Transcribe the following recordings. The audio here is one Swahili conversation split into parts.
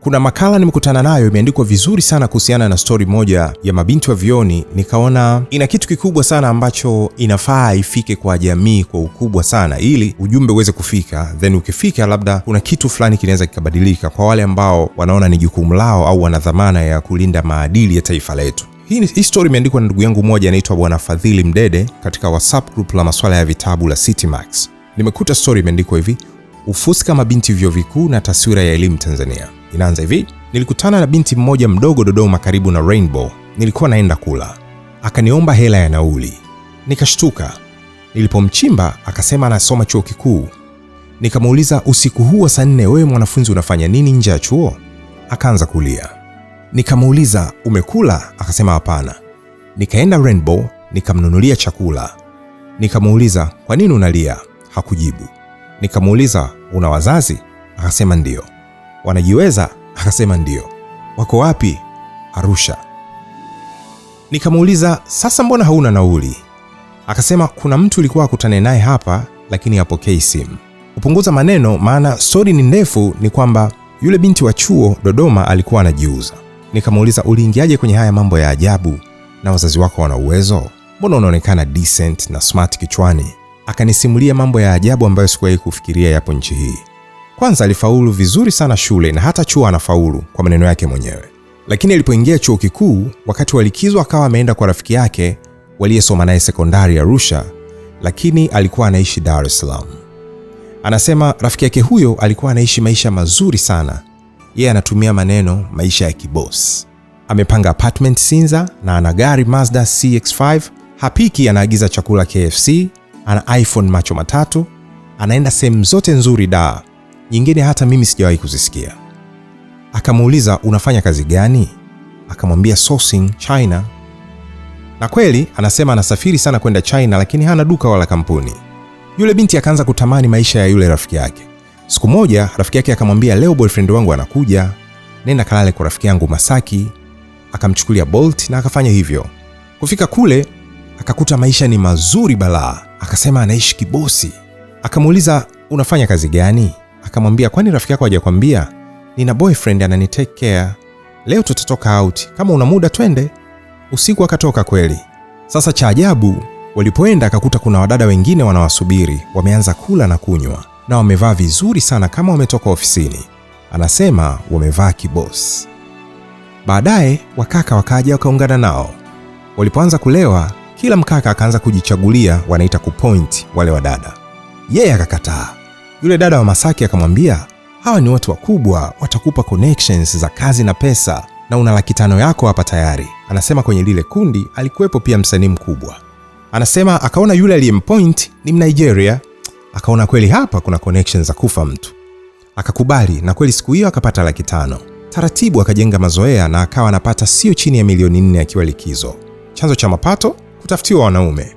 Kuna makala nimekutana nayo imeandikwa vizuri sana kuhusiana na stori moja ya mabinti wa vioni, nikaona ina kitu kikubwa sana ambacho inafaa ifike kwa jamii kwa ukubwa sana, ili ujumbe uweze kufika, then ukifika, labda kuna kitu fulani kinaweza kikabadilika kwa wale ambao wanaona ni jukumu lao au wana dhamana ya kulinda maadili ya taifa letu. Hii, hii story imeandikwa na ndugu yangu mmoja anaitwa Bwana Fadhili Mdede katika WhatsApp group la masuala ya vitabu la Citymax. Nimekuta story imeandikwa hivi: Ufusi kama binti vyuo vikuu na taswira ya elimu Tanzania. Inaanza hivi: nilikutana na binti mmoja mdogo Dodoma, karibu na Rainbow. Nilikuwa naenda kula, akaniomba hela ya nauli, nikashtuka. Nilipomchimba akasema anasoma chuo kikuu. Nikamuuliza, usiku huu wa saa nne wewe mwanafunzi unafanya nini nje ya chuo? Akaanza kulia. Nikamuuliza, umekula? Akasema hapana. Nikaenda Rainbow nikamnunulia chakula. Nikamuuliza, kwa nini unalia? Hakujibu. Nikamuuliza una wazazi? Akasema ndio. Wanajiweza? Akasema ndio. Wako wapi? Arusha. Nikamuuliza, sasa mbona hauna nauli? Akasema kuna mtu ulikuwa akutane naye hapa, lakini hapokei simu. Kupunguza maneno, maana stori ni ndefu, ni kwamba yule binti wa chuo Dodoma alikuwa anajiuza. Nikamuuliza, uliingiaje kwenye haya mambo ya ajabu? Na wazazi wako wana uwezo? Mbona unaonekana decent na smart kichwani? akanisimulia mambo ya ajabu ambayo sikuwahi kufikiria yapo nchi hii. Kwanza alifaulu vizuri sana shule na hata chuo anafaulu kwa maneno yake mwenyewe, lakini alipoingia chuo kikuu wakati wa likizo akawa ameenda kwa rafiki yake waliyesoma naye sekondari Arusha, lakini alikuwa anaishi Dar es Salaam. Anasema rafiki yake huyo alikuwa anaishi maisha mazuri sana, yeye anatumia maneno maisha ya kibos Amepanga apartment Sinza na ana gari Mazda CX5, hapiki, anaagiza chakula KFC ana iPhone macho matatu, anaenda sehemu zote nzuri da, nyingine hata mimi sijawahi kuzisikia. Akamuuliza, unafanya kazi gani? Akamwambia sourcing China. Na kweli anasema anasafiri sana kwenda China, lakini hana duka wala kampuni. Yule binti akaanza kutamani maisha ya yule rafiki yake. Siku moja rafiki yake akamwambia, leo boyfriend wangu anakuja, nenda kalale kwa rafiki yangu Masaki. Akamchukulia Bolt na akafanya hivyo. Kufika kule akakuta maisha ni mazuri balaa. Akasema anaishi Kibosi. Akamuuliza unafanya kazi gani? Akamwambia kwani rafiki yako hajakwambia? Nina boyfriend ananitake care. Leo tutatoka out. Kama una muda twende. Usiku akatoka kweli. Sasa cha ajabu, walipoenda akakuta kuna wadada wengine wanawasubiri, wameanza kula na kunywa na wamevaa vizuri sana kama wametoka ofisini. Anasema wamevaa kibosi. Baadaye wakaka wakaja wakaungana nao. Walipoanza kulewa, kila mkaka akaanza kujichagulia wanaita kupoint wale wadada, yeye akakataa. Yule dada wa Masaki akamwambia, hawa ni watu wakubwa, watakupa connections za kazi na pesa, na una laki tano yako hapa tayari. Anasema kwenye lile kundi alikuwepo pia msanii mkubwa, anasema akaona yule aliyempoint ni Mnigeria, akaona kweli hapa kuna connections za kufa mtu, akakubali, na kweli siku hiyo akapata laki tano. Taratibu akajenga mazoea na akawa anapata sio chini ya milioni nne akiwa likizo. Chanzo cha mapato kutafutiwa wanaume.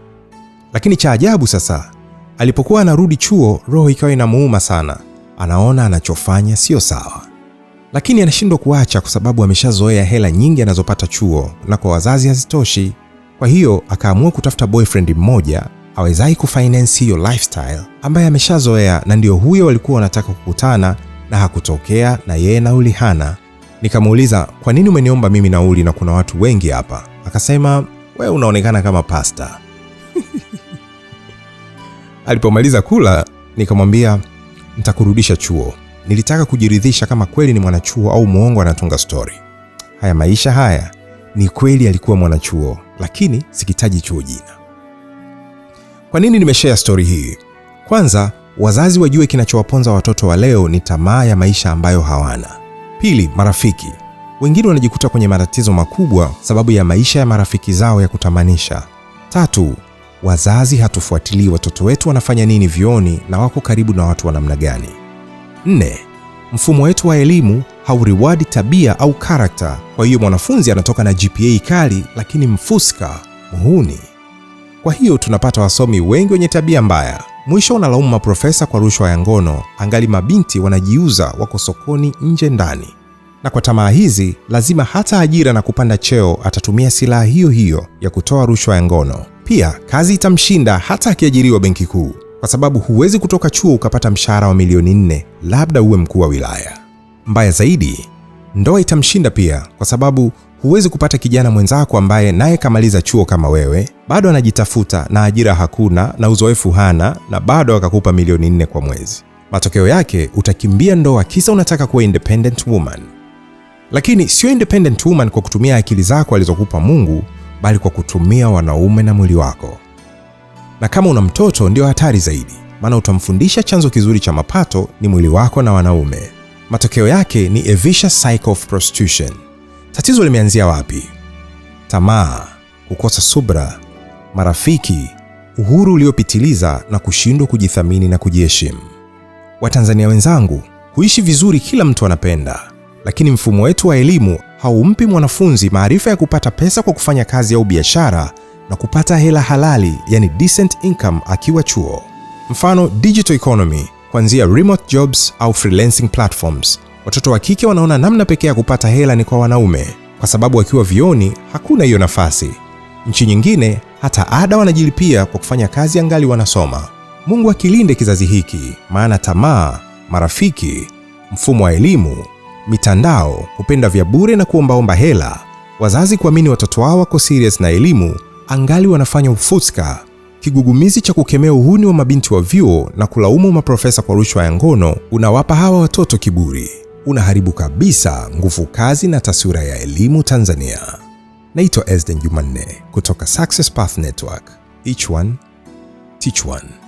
Lakini cha ajabu sasa, alipokuwa anarudi chuo, roho ikawa inamuuma sana. Anaona anachofanya sio sawa, lakini anashindwa kuacha kwa sababu ameshazoea hela nyingi anazopata chuo, na kwa wazazi hazitoshi. Kwa hiyo akaamua kutafuta boyfriend mmoja awezai kufinance hiyo lifestyle ambaye ameshazoea, na ndio huyo walikuwa wanataka kukutana na hakutokea, na yeye nauli hana. Nikamuuliza, kwa nini umeniomba mimi nauli na kuna watu wengi hapa? Akasema wewe unaonekana kama pasta. Alipomaliza kula, nikamwambia nitakurudisha chuo. Nilitaka kujiridhisha kama kweli ni mwanachuo au mwongo anatunga stori. Haya maisha haya, ni kweli alikuwa mwanachuo, lakini sikitaji chuo jina. Kwa nini nimeshare stori hii? Kwanza, wazazi wajue kinachowaponza watoto wa leo ni tamaa ya maisha ambayo hawana. Pili, marafiki wengine wanajikuta kwenye matatizo makubwa sababu ya maisha ya marafiki zao ya kutamanisha. Tatu, wazazi hatufuatilii watoto wetu wanafanya nini vioni na wako karibu na watu wa namna gani. Nne, mfumo wetu wa elimu hauriwadi tabia au karakta, kwa hiyo mwanafunzi anatoka na GPA kali lakini mfuska, muhuni. Kwa hiyo tunapata wasomi wengi wenye tabia mbaya. Mwisho unalaumu maprofesa kwa rushwa ya ngono, angali mabinti wanajiuza, wako sokoni nje ndani na kwa tamaa hizi lazima hata ajira na kupanda cheo atatumia silaha hiyo hiyo ya kutoa rushwa ya ngono. Pia kazi itamshinda hata akiajiriwa Benki Kuu, kwa sababu huwezi kutoka chuo ukapata mshahara wa milioni nne, labda uwe mkuu wa wilaya. Mbaya zaidi, ndoa itamshinda pia, kwa sababu huwezi kupata kijana mwenzako ambaye naye kamaliza chuo kama wewe, bado anajitafuta na ajira hakuna na uzoefu hana, na bado akakupa milioni nne kwa mwezi. Matokeo yake utakimbia ndoa, kisa unataka kuwa independent woman. Lakini sio independent woman kwa kutumia akili zako alizokupa Mungu, bali kwa kutumia wanaume na mwili wako. Na kama una mtoto ndio hatari zaidi, maana utamfundisha chanzo kizuri cha mapato ni mwili wako na wanaume. Matokeo yake ni a vicious cycle of prostitution. Tatizo limeanzia wapi? Tamaa, kukosa subra, marafiki, uhuru uliopitiliza na kushindwa kujithamini na kujiheshimu. Watanzania wenzangu, kuishi vizuri kila mtu anapenda lakini mfumo wetu wa elimu haumpi mwanafunzi maarifa ya kupata pesa kwa kufanya kazi au biashara na kupata hela halali, yani decent income akiwa chuo. Mfano digital economy, kuanzia remote jobs au freelancing platforms. Watoto wa kike wanaona namna pekee ya kupata hela ni kwa wanaume, kwa sababu wakiwa vioni hakuna hiyo nafasi. Nchi nyingine hata ada wanajilipia kwa kufanya kazi angali wanasoma. Mungu akilinde wa kizazi hiki, maana tamaa, marafiki, mfumo wa elimu mitandao, kupenda vya bure na kuombaomba hela, wazazi kuamini watoto wao wako serious na elimu angali wanafanya ufuska, kigugumizi cha kukemea uhuni wa mabinti wa vyuo na kulaumu maprofesa kwa rushwa ya ngono, unawapa hawa watoto kiburi. Unaharibu kabisa nguvu kazi na taswira ya elimu Tanzania. Naitwa Esden Jumanne kutoka Success Path Network. Each one, teach one.